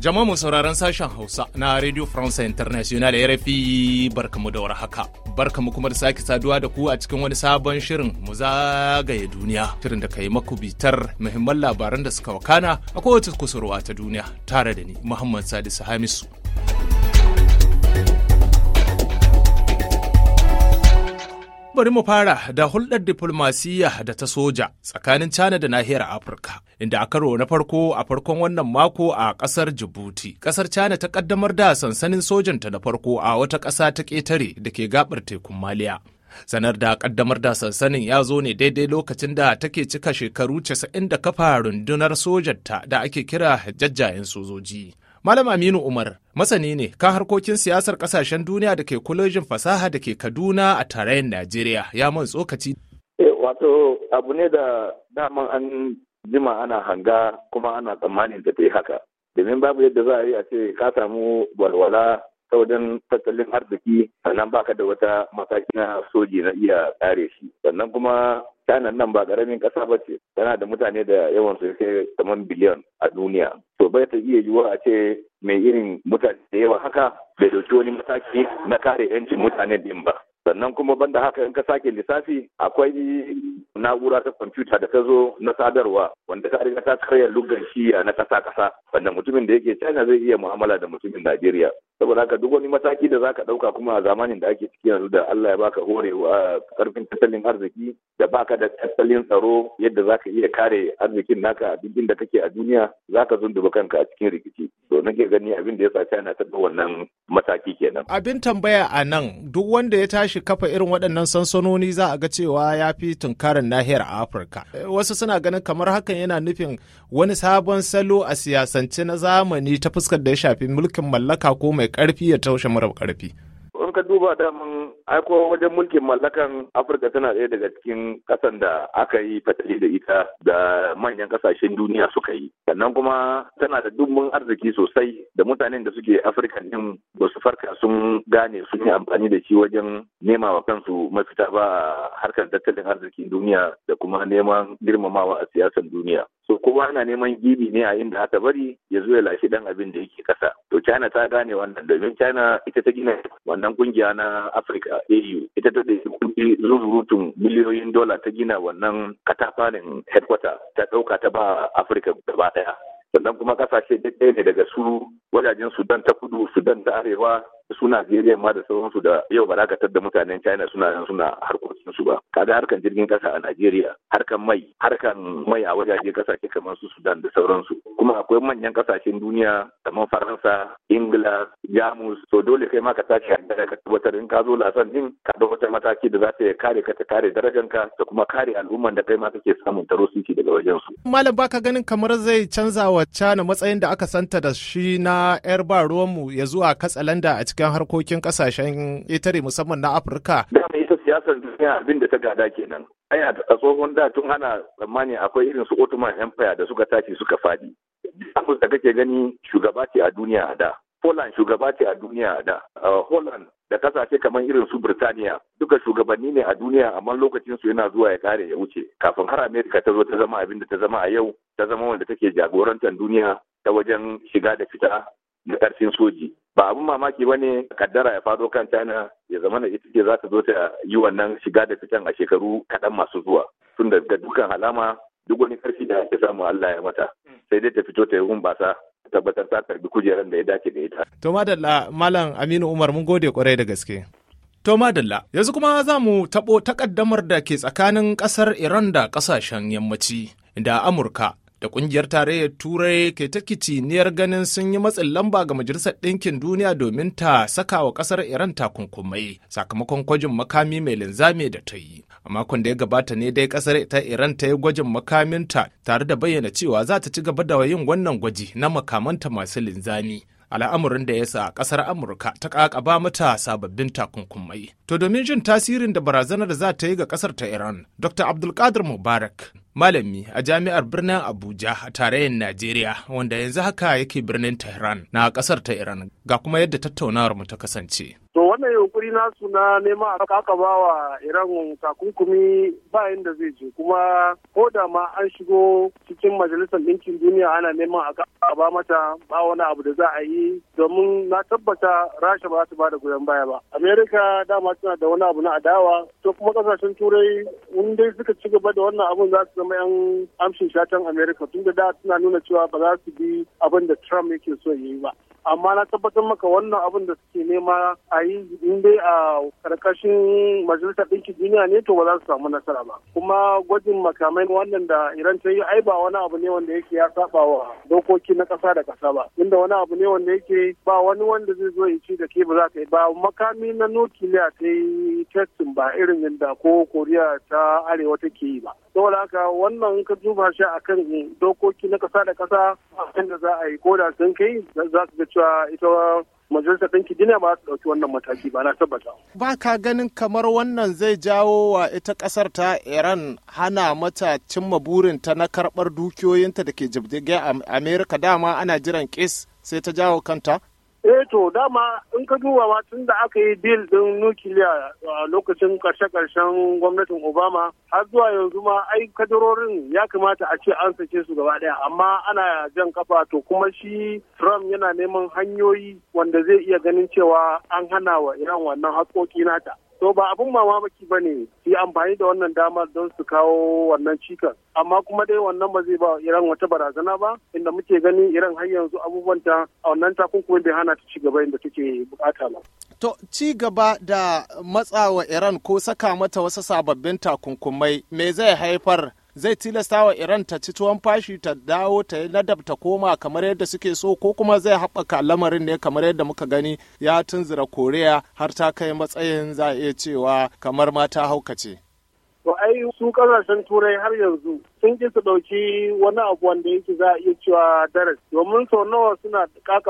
Jama'a mu sauraron sashen Hausa na Radio France International RFI barkamu da warhaka. Barkamu kuma da sake saduwa da ku a cikin wani sabon shirin mu zagaye duniya. Shirin da ka yi maku bitar muhimman labaran da suka wakana a kowace kusurwa ta duniya tare da ni Muhammad Sadisu Hamisu. bari mu fara da hulɗar diflomasiyya da ta soja tsakanin China da nahiyar Afirka, inda a karo na farko a farkon wannan mako a ƙasar Djibouti, ƙasar China ta ƙaddamar da sansanin sojanta na farko a wata ƙasa ta ƙetare da ke gaɓar tekun Maliya. sanar da kaddamar da sansanin ya zo ne daidai lokacin da take cika shekaru 90 da kafa rundunar sojarta da ake kira jajjayen sojoji Malam Aminu Umar masani ne kan harkokin siyasar kasashen duniya da ke kwalejin fasaha da ke Kaduna a tarayyar Najeriya ya man tsokaci. Eh, wato abu ne da daman an jima ana hanga kuma ana tsammanin yi haka. Domin babu yadda za a yi a ce ka samu walwala ta wajen tattalin arziki sannan baka da wata mataki soji na iya tsare shi. Sannan kuma China nan ba ƙaramin ƙasa ba ce, tana da mutane da yawan su kai kamar biliyan a duniya. To bai ta iya yiwuwa a ce mai irin mutane da yawa haka bai dauki wani mataki na kare 'yancin mutane din ba. sannan kuma banda haka in ka sake lissafi akwai na'ura ta kwamfuta da ta zo na sadarwa wanda ta riga ta karya lugar shiya na kasa kasa wanda mutumin da yake china zai iya mu'amala da mutumin najeriya saboda haka duk wani mataki da zaka dauka kuma a zamanin da ake ciki yanzu da allah ya baka horewa karfin tattalin arziki da baka da tattalin tsaro yadda zaka iya kare arzikin naka a duk inda kake a duniya zaka zunduba kanka a cikin rikici to nake gani abin da ya sa China ta wannan mataki kenan. Abin tambaya a nan duk wanda ya tashi kafa irin waɗannan sansanoni za a ga cewa ya fi tunkarin nahiyar Afirka. Eh, wasu suna ganin kamar hakan yana nufin wani sabon salo a siyasance na zamani ta fuskar da ya shafi mulkin mallaka ko mai karfi ya taushe mara karfi. in ka duba daman aiko wajen mulkin mallakan afirka tana daya daga cikin ƙasan da aka yi fatali da ita da manyan kasashen duniya suka yi sannan kuma tana da dubbin arziki sosai da mutanen da suke afirka din ba su farka sun gane sun yi amfani da shi wajen nema wa kansu mafita ba harkar tattalin arzikin duniya da kuma neman girmamawa a siyasar duniya to kuma ana neman gibi ne a inda aka bari ya zo ya lashe dan abin da yake kasa to china ta gane wannan domin china ita ta gina wannan kungiya na africa au ita ta da kudi zuzurutun miliyoyin dola ta gina wannan katafanin headquarter ta dauka ta ba africa gaba daya sannan kuma kasashe ɗaya ne daga su wajajen sudan ta kudu sudan ta arewa su Najeriya ma da sauransu da yau ba za da mutanen China suna nan suna harkokin su ba kaga harkan jirgin kasa a nigeria harkan mai harkan mai a wajaje kasashe kamar su Sudan da sauransu kuma akwai manyan kasashen duniya kamar Faransa Ingila Jamus so dole kai ma ka tashi da ka tabbatar in ka zo lasan din ka wata mataki da za ta ya kare ka ta kare ka da kuma kare al'umman da kai ma kake samun taro suke daga wajen su malam baka ganin kamar zai canza wa China matsayin da aka santa da shi na yar ba ruwanmu ya zuwa katsalanda a cikin cikin harkokin kasashen itare musamman na Afirka. Dama ita siyasar duniya abin da ta gada kenan. Ai a tsohon da tun ana tsammani akwai irin su Ottoman Empire da suka tashi suka fadi. Jamus da kake gani shugaba ce a duniya a da. Poland shugaba ce a duniya a da. Uh, Holland da kasashe kamar irin su Birtaniya duka shugabanni ne a duniya amma lokacin su yana zuwa ya kare ya wuce kafin har Amerika ta zo ta zama abin da ta zama a yau ta zama wanda take jagorantar duniya ta wajen shiga da fita da ƙarfin soji ba abin mamaki ba ne kaddara ya fado kan china ya zama na ita ce za ta zo ta yi wannan shiga da fitan a shekaru kaɗan masu zuwa tun da dukkan alama duk wani ƙarfi da ake samu allah ya mata sai dai ta fito ta yi wumbasa tabbatar ta karbi kujerar da ya dace da ita. to madalla malam aminu umar mun gode kwarai da gaske. To Madalla, yanzu kuma za mu taɓo takaddamar da ke tsakanin ƙasar Iran da ƙasashen yammaci, da Amurka da kungiyar tarayyar turai ke ta kiciniyar ganin sun yi matsin lamba ga majalisar ɗinkin duniya domin ta saka wa ƙasar iran takunkumai sakamakon gwajin makami mai linzami da ta yi a makon da ya gabata ne dai ƙasar ta iran ta yi gwajin makaminta tare da bayyana cewa za ta ci gaba da yin wannan gwaji na makamanta masu linzami al'amurin da ya sa ƙasar amurka ta kakaba mata sababbin takunkumai to domin jin tasirin da barazanar za ta yi ga ƙasar ta iran dr abdulkadir mubarak malami a jami'ar birnin Abuja a tarayyar Najeriya wanda yanzu haka yake birnin Tehran na kasar ta Iran ga kuma yadda tattaunawar mu ta kasance. To wannan yunkuri nasu na neman a kaka ba wa Iran takunkumi ba da zai je kuma ko da ma an shigo cikin majalisar ɗinkin duniya ana neman a kaka ba mata ba wani abu da za a yi domin na tabbata Rasha ba ta ba da goyon baya ba. Amerika dama tana da wani abu na adawa to kuma kasashen turai in dai suka ci gaba da wannan abun za su zama yan amshin shatan Amerika tun da da suna nuna cewa ba za su bi abin da Trump yake so ya yi ba. amma na tabbatar maka wannan abin da suke nema a yi in dai a karkashin majalisar ɗinki duniya ne to ba za su samu nasara ba kuma gwajin makamai wannan da iran ta yi ai ba wani abu ne wanda yake ya saba wa dokoki na ƙasa da ƙasa ba inda wani abu ne wanda yake ba wani wanda zai zo ya ci da ke ba za ka yi ba makami na nukiliya ta yi testin ba irin yadda ko koriya ta arewa take yi ba saboda haka wannan ka duba shi akan dokoki na ƙasa da ƙasa da za a yi ko da sun kai za su ga cewa sa ita majalisar ɗinki duniya ba su ɗauki wannan mataki ba na tabbata. Ba ka ganin kamar wannan zai jawo wa ita ƙasar ta Iran hana mata cimma burinta na karɓar dukiyoyinta da ke jibdige a Amerika dama ana jiran kis sai ta jawo kanta? eh to dama in ka duba ma tun da aka yi bil din nukiliya a lokacin karshe-karshen gwamnatin obama har zuwa yanzu ma ai kadarorin ya kamata a ce an sake su gaba daya amma ana jan kafa to kuma shi trump yana neman hanyoyi wanda zai iya ganin cewa an hana wa iran wannan haƙoƙi nata so ba abin mamaki ba ne su amfani da wannan damar don su kawo wannan cikas amma kuma dai wannan ba zai ba iran wata barazana ba inda muke ganin iran har yanzu abubuwan ta a wannan takunkumin bai hana ta ci gaba inda take bukata ba to ci gaba da matsawa iran ko saka mata wasu sababbin takunkumai me zai haifar zai tilasta wa iran ta ci tuwon fashi ta dawo ta yi ladab ta koma kamar yadda suke so ko kuma zai haɓaka lamarin ne kamar yadda muka gani ya tunzura koriya har ta kai matsayin za a iya cewa kamar mata haukace. to ai su kasashen turai har yanzu sun ki su ɗauki wani abu wanda yake za a iya cewa daras domin sau nawa suna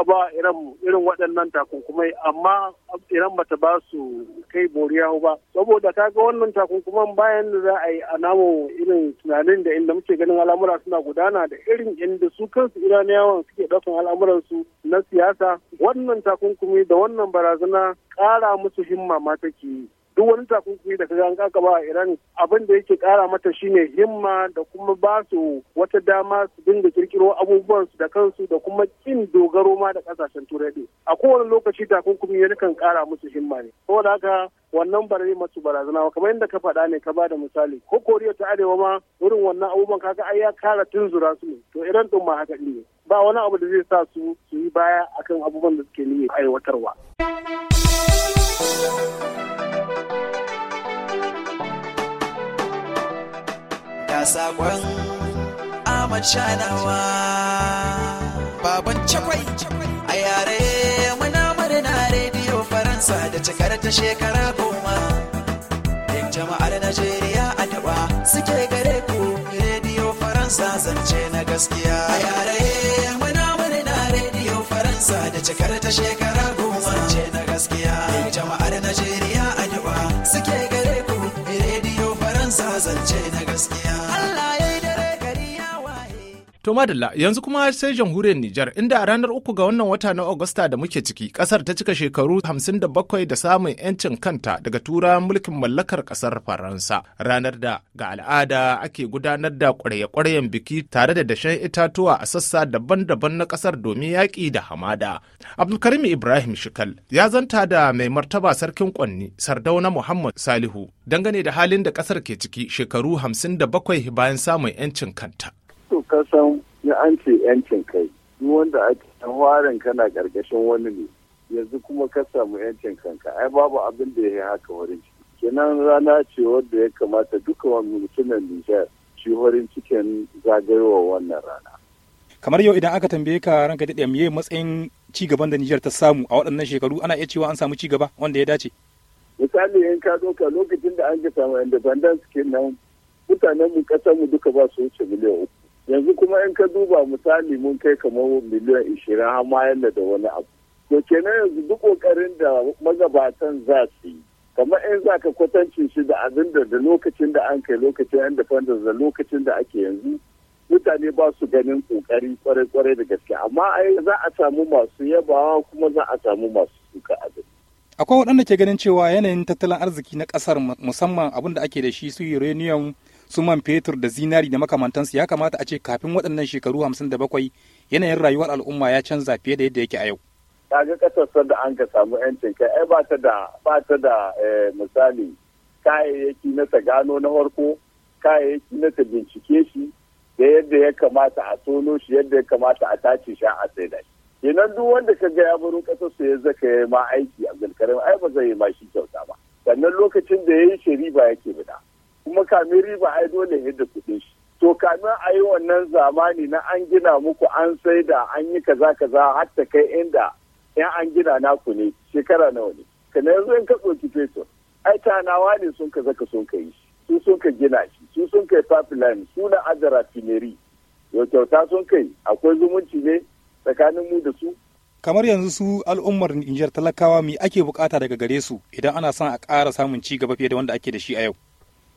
ba iran irin waɗannan takunkumai amma iran bata ba su kai boriyahu ba saboda ta wannan takunkuman bayan da za a yi a namu irin tunanin da inda muke ganin al'amura suna gudana da irin inda su kansu iraniyawan suke ɗaukan al'amuransu na siyasa wannan takunkumi da wannan barazana ƙara musu himma ma take yi duk wani takunkumi da kaga an kaka ba Iran abin da yake kara mata shine himma da kuma ba su wata dama su dinga kirkiro abubuwan su da kansu da kuma kin dogaro ma da kasashen turai din a kowane lokaci takunkumi yana kan kara musu himma ne saboda haka wannan ba masu barazana ba kamar yadda ka faɗa ne ka bada misali ko koriya ta arewa ma wurin wannan abubuwan kaga ai ya kara tunzura su ne to iran din ma haka ne ba wani abu da zai sa su su yi baya akan abubuwan da suke niyyar aiwatarwa. sakon saƙon Ahmad Shanawa baban cakwai a yare muna murna rediyo Faransa da cikar ta shekara goma Yan jama'ar Najeriya a daba suke gare ku rediyo Faransa zance na gaskiya a yare muna murna rediyo Faransa da cikar ta shekara goma zance na gaskiya Yan jama'ar Najeriya a daba suke gare ku rediyo Faransa zance na gaskiya To madalla yanzu kuma sai jamhuriyar Nijar inda a ranar uku ga wannan wata na Agusta da muke ciki kasar ta cika shekaru 57 da samun 'yancin kanta daga tura mulkin mallakar kasar Faransa. Ranar da ga al'ada ake gudanar da kwarye-kwaryen biki tare da dashen itatuwa a sassa daban-daban na kasar domin yaƙi da hamada. Abdulkarim Ibrahim Shikal ya zanta da mai martaba sarkin Kwanni Sardauna Muhammad Salihu dangane da halin da kasar ke ciki shekaru 57 bayan samun 'yancin kanta. to kasan ya an ce yancin kai duk wanda a cikin warin kana gargashin wani ne yanzu kuma ka samu yancin kanka ai babu abin da ya yi haka wurin ciki kenan rana ce wadda ya kamata duka wani mutumin Nijar shi wurin cikin zagayowa wannan rana. Kamar yau idan aka tambaye ka ranka da me matsayin ci gaban da Nijar ta samu a waɗannan shekaru ana iya cewa an samu ci gaba wanda ya dace. Misali in ka doka lokacin da an ga samu independence kenan mutanen mu ƙasar mu duka ba su wuce miliyan uku. yanzu kuma in ka duba misali mun kai kamar miliyan ishirin har ma da wani abu to kenan yanzu duk kokarin da magabatan za su yi kamar in za ka kwatancin shi da abin da da lokacin da an kai lokacin independence da lokacin da ake yanzu mutane ba su ganin kokari kwarai-kwarai da gaske amma ai za a samu masu yabawa kuma za a samu masu suka abin akwai waɗanda ke ganin cewa yanayin tattalin arziki na ƙasar musamman abin da ake da shi su uranium su man fetur da zinari da makamantansu ya kamata a ce kafin waɗannan shekaru hamsin da bakwai yanayin rayuwar al'umma ya canza fiye da yadda yake a yau. kaga kasar da an ka samu yancin kai ai ba ta da ba ta da eh, misali kayayyaki na ta gano na farko kayayyaki na ta bincike shi da yadda ya kamata a tono shi yadda ya kamata a tace shi a sai da shi kenan duk wanda ka ga ya baro kasar su ya zaka ya ma aiki a abdulkarim ai ba zai yi ma shi kyauta ba sannan lokacin da ya yi shari'a yake bida kuma kamin riba ai dole yadda kuɗin shi to kamin a yi wannan zamani na an gina muku an sai da an yi kaza kaza har ta kai inda yan an gina naku ne shekara nawa ne na yanzu in ka ɗauki fetur ai tanawa ne sun ka zaka sun ka yi su sun ka gina shi su sun kai pipeline su na azara rafineri yau kyauta sun kai akwai zumunci ne tsakanin mu da su kamar yanzu su al'ummar Nijar talakawa me ake bukata daga gare su idan ana son a ƙara samun ci gaba fiye da wanda ake da shi a yau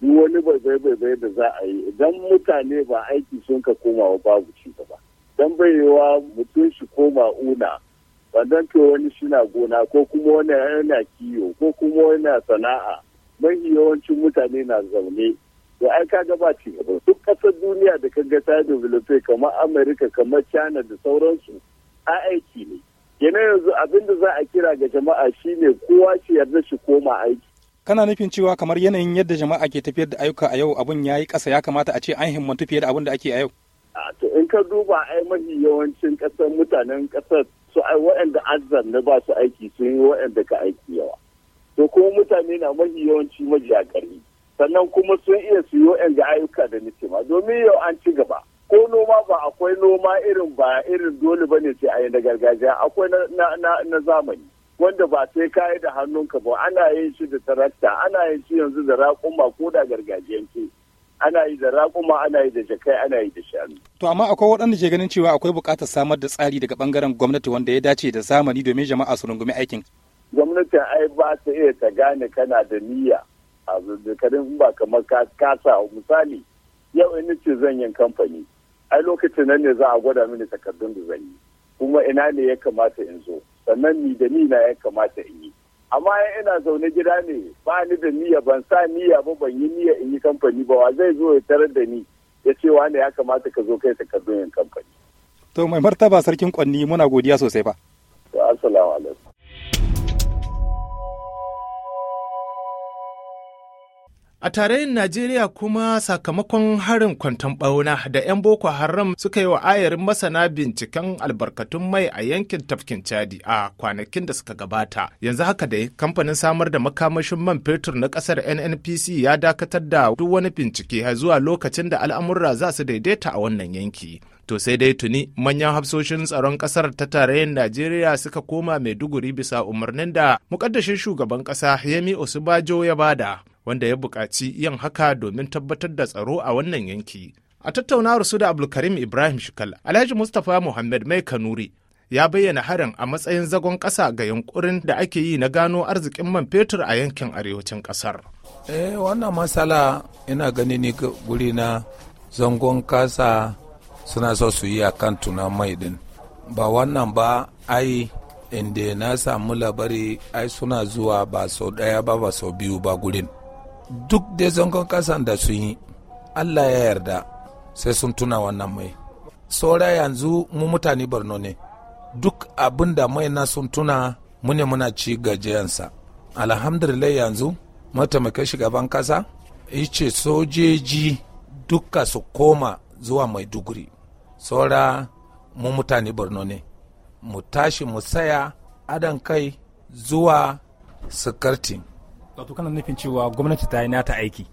duk wani baibai-baibai da za a yi idan mutane ba aiki sun ka komawa babu ci gaba dan baiwa mutum shi koma una wannan to wani shina gona ko kuma wani yana kiyo ko kuma wani sana'a yi yawancin mutane na zaune to ai ka gaba ci gaba duk kasar duniya da kaga ta develope kamar america kamar china da sauransu a aiki ne yana yanzu abin da za a kira ga jama'a shine kowa shi yarda shi koma aiki kana nufin cewa kamar yanayin yadda jama'a ke tafiyar da ayyuka a yau abun ya yi ƙasa ya kamata a ce an himmatu fiye da abun da ake a yau to in ka duba ai mafi yawancin ƙasar mutanen ƙasar su ai waɗanda azan na ba su aiki sun yi waɗanda ka aiki yawa to kuma mutane na mafi yawanci majiya sannan kuma sun iya su yi waɗanda ayyuka da nake ma domin yau an ci gaba ko noma ba akwai noma irin ba irin dole ba ne sai a yi na gargajiya akwai na zamani wanda ba sai kayi da hannunka ba ana yin shi da tarakta ana yin shi yanzu da raƙuma ko da gargajiyanci ana yi da raƙuma ana yi da jakai ana yi da shanu. To amma akwai waɗanda ke ganin cewa akwai buƙatar samar da tsari daga ɓangaren gwamnati wanda ya dace da zamani domin jama'a su rungumi aikin. Gwamnati ai ba ta iya ta gane kana da niyya a zuzzukarin ba kamar ka kasa misali yau in ce zan yin kamfani ai lokacin nan ne za a gwada mini takardun da zan yi kuma ina ne ya kamata in zo. sannan ni da ni na ya kamata in yi amma ina zaune gida ne ba ni da niyya ban sa niyya ba ban yi niyya in yi kamfani ba wa zai zo ya tarar da ni ya ce ne ya kamata ka zo kai takardun yin kamfani. to mai martaba sarkin kwanni muna godiya sosai ba. assalamu alaikum. A tarayyar Najeriya kuma sakamakon harin kwanton ɓauna da 'yan Boko Haram suka yi wa ayarin masana binciken albarkatun mai a yankin tafkin Chadi a kwanakin da suka gabata. Yanzu haka dai kamfanin samar da makamashin man fetur na ƙasar NNPC ya dakatar da duk wani bincike har zuwa lokacin da al'amurra za su daidaita a wannan yanki. To sai dai tuni manyan hafsoshin tsaron ƙasar ta tarayyar Najeriya suka koma Maiduguri bisa umarnin da mukaddashin shugaban ƙasa Yemi Osibajo ya bada. wanda ya buƙaci yin haka domin tabbatar da tsaro a wannan yanki. A tattaunawar su da Abdulkarim Ibrahim Shikal, Alhaji Mustapha Muhammad Mai Kanuri ya bayyana harin a matsayin zagon ƙasa ga yunkurin da ake yi na gano arzikin man fetur a yankin arewacin ƙasar. Eh wannan matsala ina gani ni guri na zangon kasa suna so su yi a kan tunan mai din. Ba wannan ba ai inda na samu labari ai suna zuwa ba sau ɗaya ba ba sau biyu ba gurin. duk da zangon kasan da sun yi allah ya yarda sai sun tuna wannan mai saura yanzu mu mutane borno ne duk abin da mai na sun tuna mune muna ci gajiyansa alhamdulillah yanzu mataimakin shugaban kasa ya ce sojeji duka su koma zuwa maiduguri saura mu mutane borno ne mu tashi mu saya adan kai zuwa sikartin wato kana nufin cewa gwamnati ta yi nata aiki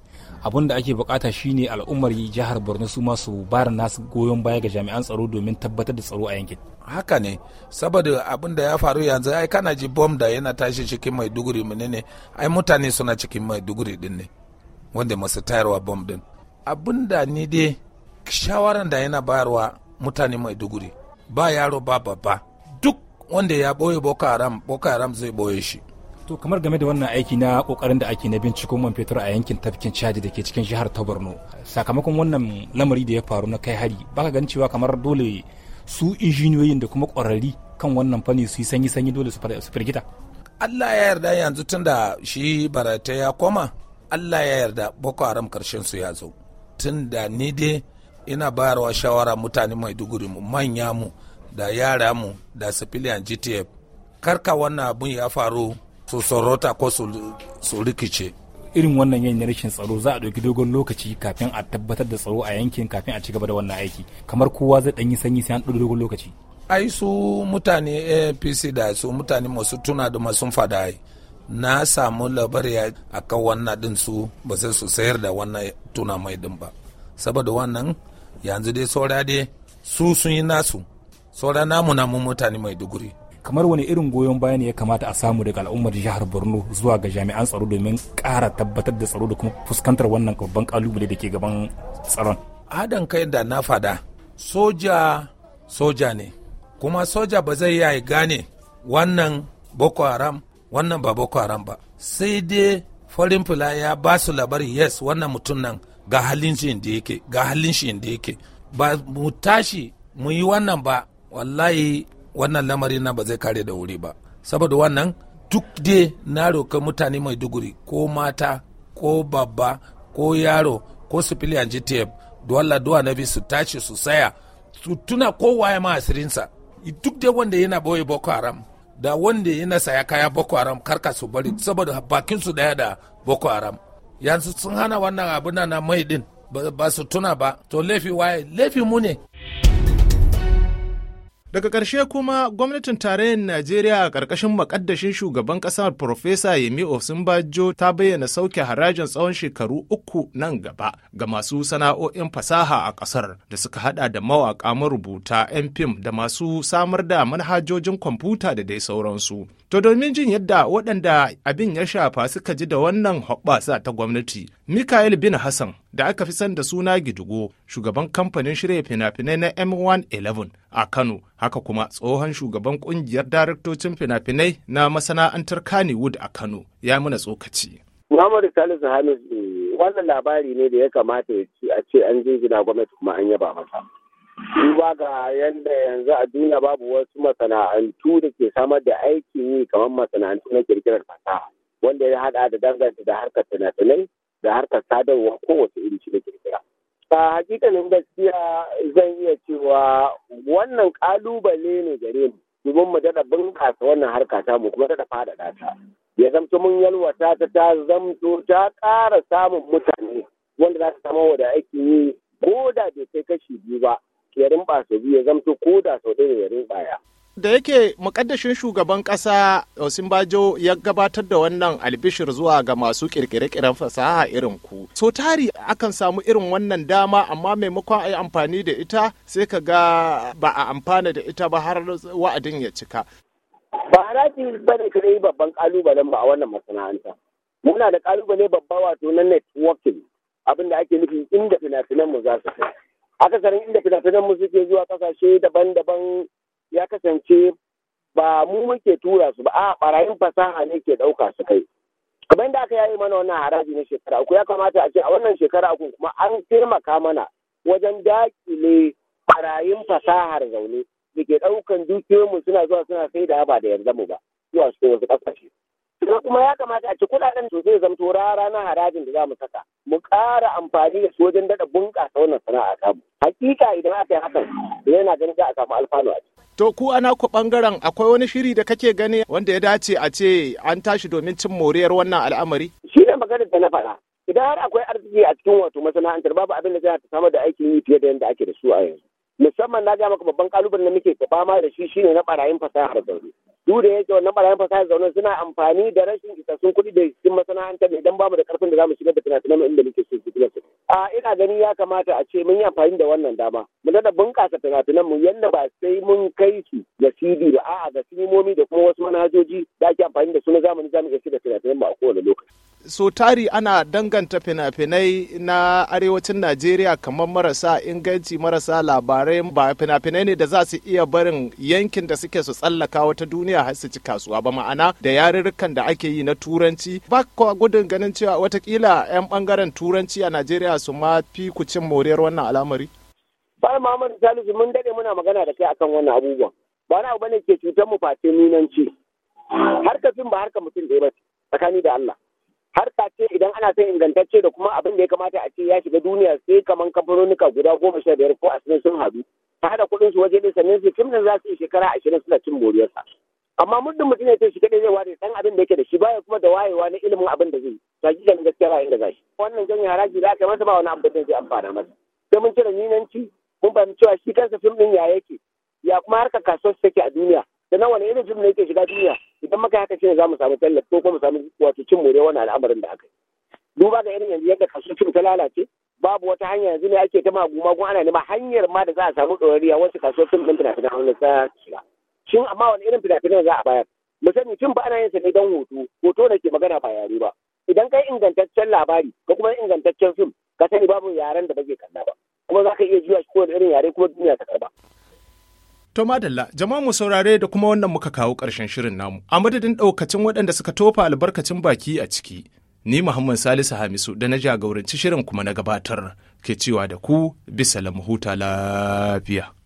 abun da ake bukata shine al'ummar jihar borno su masu bara nasu goyon baya ga jami'an tsaro domin tabbatar da tsaro a yankin haka ne saboda abin da ya faru yanzu ai kana ji bom da yana tashi cikin mai duguri mu ne ai mutane suna cikin duguri din ne wanda masu tayarwa bom din abin da ni dai shawaran da yana bayarwa mutane mai duguri. ba yaro ba babba duk wanda ya boye boko haram boko haram zai boye shi to kamar game da wannan aiki na kokarin da ake na binciko man fetur a yankin tafkin chadi da ke cikin jihar ta borno sakamakon wannan lamari da ya faru na kai hari baka ganin cewa kamar dole su injiniyoyin da kuma kwararri kan wannan fanni su yi sanyi sanyi dole su firgita Allah ya yarda yanzu tunda shi barata ya koma Allah ya yarda Boko Haram karshen su ya zo tunda ni dai ina bayarwa shawara mutane mai duguri mu manya mu da yara mu da sifiliyan GTF karka wannan abun ya faru su sorota ko su rikice irin wannan yanayin rashin tsaro za a ɗauki dogon lokaci kafin a tabbatar da tsaro a yankin kafin a ci gaba da wannan aiki kamar kowa zai ɗanyi sanyi sai an ɗauki dogon lokaci ai su mutane apc da su mutane masu tuna da masu fada na samu labari a kan wannan din su ba sai su sayar da wannan tuna mai ɗin ba saboda wannan yanzu dai saura dai su sun yi nasu saura namu namu mutane mai duguri kamar wani irin goyon baya ne ya kamata a samu daga al'ummar jihar borno zuwa ga jami'an tsaro domin kara tabbatar da tsaro da kuma fuskantar wannan babban kalubale da ke gaban tsaron adan kai da na fada soja soja ne kuma soja ba zai iya gane wannan boko haram wannan ba boko haram ba sai dai farin fula ya ba su labari yes wannan mutum nan ga halin shi inda yake ga halin shi inda yake ba mu tashi mu yi wannan ba wallahi wannan lamari na ba zai kare da wuri ba saboda wannan duk dai na roƙi mutane mai duguri ko mata ko babba ko yaro ko civilian gtf duwalla duwa na bi su tashi su saya su tuna waye ma asirinsa duk dai wanda yana boye boko haram da wanda yana saya kaya boko haram karka su bari saboda bakinsu daya da boko haram yanzu sun hana wannan abu na mai din ba su tuna ba to laifi waye laifi mu ne Daga ƙarshe kuma gwamnatin tarayyar Najeriya a ƙarƙashin makaddashin shugaban ƙasar Profesa Yemi Osinbajo ta bayyana sauke harajin tsawon shekaru uku nan gaba ga masu sana'o'in fasaha a ƙasar da suka hada da mawaƙa marubuta mpim da masu samar da manhajojin kwamfuta da dai sauransu. To domin jin yadda waɗanda abin ya shafa suka ji da wannan hoɓɓasa ta gwamnati, Mikael bin Hassan da aka fi san da suna Gidugo, shugaban kamfanin shirya fina-finai na M111 a Kano, haka kuma tsohon shugaban ƙungiyar daraktocin fina-finai na masana'antar Kannywood a Kano, ya muna tsokaci. Muhammadu Salisu Hamis, eh, wannan labari ne da ya kamata ya ci a ce an jingina gwamnati kuma an yaba masa. duba ga yadda yanzu a duniya babu wasu masana'antu da ke samar da aikin yi kamar masana'antu na kirkirar fasaha wanda ya hada da danganta da harkar fina da harkar sadarwa wasu iri shi da kirkira. A hakikalin gaskiya zan iya cewa wannan kalubale ne gare mu domin mu daɗa bunƙasa wannan harka ta mu kuma daɗa faɗaɗa ta. Ya zamto mun yalwata ta ta zamto ta ƙara samun mutane wanda za su samar da aikin yi ko da bai kai kashi biyu ba ya rimba su biyu ya zamto ko da sau ɗaya ya rimba ya. Da yake mukaddashin shugaban ƙasa Bajo ya gabatar da wannan albishir zuwa ga masu kirkire-kiren fasaha irin ku. So tari akan samu irin wannan dama amma maimakon a yi amfani da ita sai ka ga ba a amfana da ita ba har wa'adin ya cika. Ba haraji ba da kare babban kalubalen ba a wannan masana'anta. Muna da kalubale babba wato na networking abin da ake nufi inda fina-finanmu za su kai. akasarin inda fina-finan mu suke zuwa kasashe daban-daban ya kasance ba mu muke tura su ba a barayin fasaha ne ke ɗauka su kai kamar yadda aka yayi mana wannan haraji na shekara uku ya kamata a ce a wannan shekara uku kuma an taimaka mana wajen dakile barayin fasahar zaune da ke ɗaukan dukiyoyinmu suna zuwa suna sai da ba da yanzu mu ba zuwa su wasu ƙasashe sannan kuma ya kamata a ci kuɗaɗen sosai zamto rara na harajin da za mu saka mu ƙara amfani da su wajen daɗa bunƙasa wannan sana'a samu hakika idan aka yi hakan yana ganin za a samu alfanu a ciki. To ku ana ku bangaren akwai wani shiri da kake gani wanda ya dace a ce an tashi domin cin moriyar wannan al'amari? Shi ne maganar da na faɗa. Idan har akwai arziki a cikin wato masana'antar babu abin da zai ta samar da aikin yi fiye da yadda ake da su a yanzu. Musamman na ga maka babban kalubalen da muke gaba ma da shi shine na barayin fasahar zaune. su da yake wannan fasaha fasahar zaune suna amfani da rashin isassun kuɗi da cikin masana'anta idan bamu da karfin da zamu shigar da fina-finan inda muke so su su a ina gani ya kamata a ce mun yi amfani da wannan dama mu dada bunƙasa tunatunan mu yanda ba sai mun kai su ga CD ba a'a ga sinimomi da kuma wasu manhajoji da ake amfani da su na zamani zamu iya shiga fina mu a kowane lokaci so tari ana danganta fina-finai na arewacin najeriya kamar marasa inganci marasa labarai ba fina-finai ne da za su iya barin yankin da suke su tsallaka wata duniya har su ci kasuwa ba ma'ana da yarurrukan da ake yi na turanci ba kwa gudun ganin cewa watakila 'yan bangaren turanci a najeriya su ma fi ku cin moriyar wannan al'amari bai muhammadu salisu mun dade muna magana da kai akan wannan abubuwan ba na abu ne ke cutar mu face ninanci harkar ba harkar mutum da ya tsakani da allah harka ce idan ana son ingantacce da kuma abin da ya kamata a ce ya shiga duniya sai kaman kamfanonika guda goma sha biyar ko asirin sun haɗu ta haɗa kuɗin su waje ne sannan su kim za su yi shekara ashirin suna cin moriyarsa amma muddin mutum ya ce shi kaɗai zai ware ɗan abin da yake da shi baya kuma da wayewa na ilimin abin da zai yi to hakikanin gaskiya ba inda za shi wannan jan ji za ka masa ba wani abin da zai amfana masa sai mun cire ninanci mun fahimci cewa shi kansa fim ɗin ya yake ya kuma harka kasuwar take a duniya da nawa wani irin fim ne yake shiga duniya idan muka haka shine za mu samu tallafi ko kuma mu samu wato cin more wannan al'amarin da aka yi duba ga irin yanzu yadda cin ta lalace babu wata hanya yanzu ne ake ta magu-magu ana nema hanyar ma da za a samu ɗoriya wasu cin ɗin fina a wani ta shin amma wani irin fina fina za a bayar mu sani cin ba ana yin sa ne don hoto hoto da ke magana ba yare ba idan kai ingantaccen labari ko kuma ingantaccen fim ka sani babu yaren da ba ke kalla ba kuma za ka iya zuwa shi kowane irin yare kuma duniya ta karba To madalla, jama'a mu saurare da kuma wannan muka kawo ƙarshen shirin namu. A madadin ɗaukacin waɗanda suka tofa albarkacin baki a ciki. Ni Muhammad Salisu Hamisu da na jagoranci shirin kuma na gabatar ke cewa da ku bisa lamuhuta huta lafiya.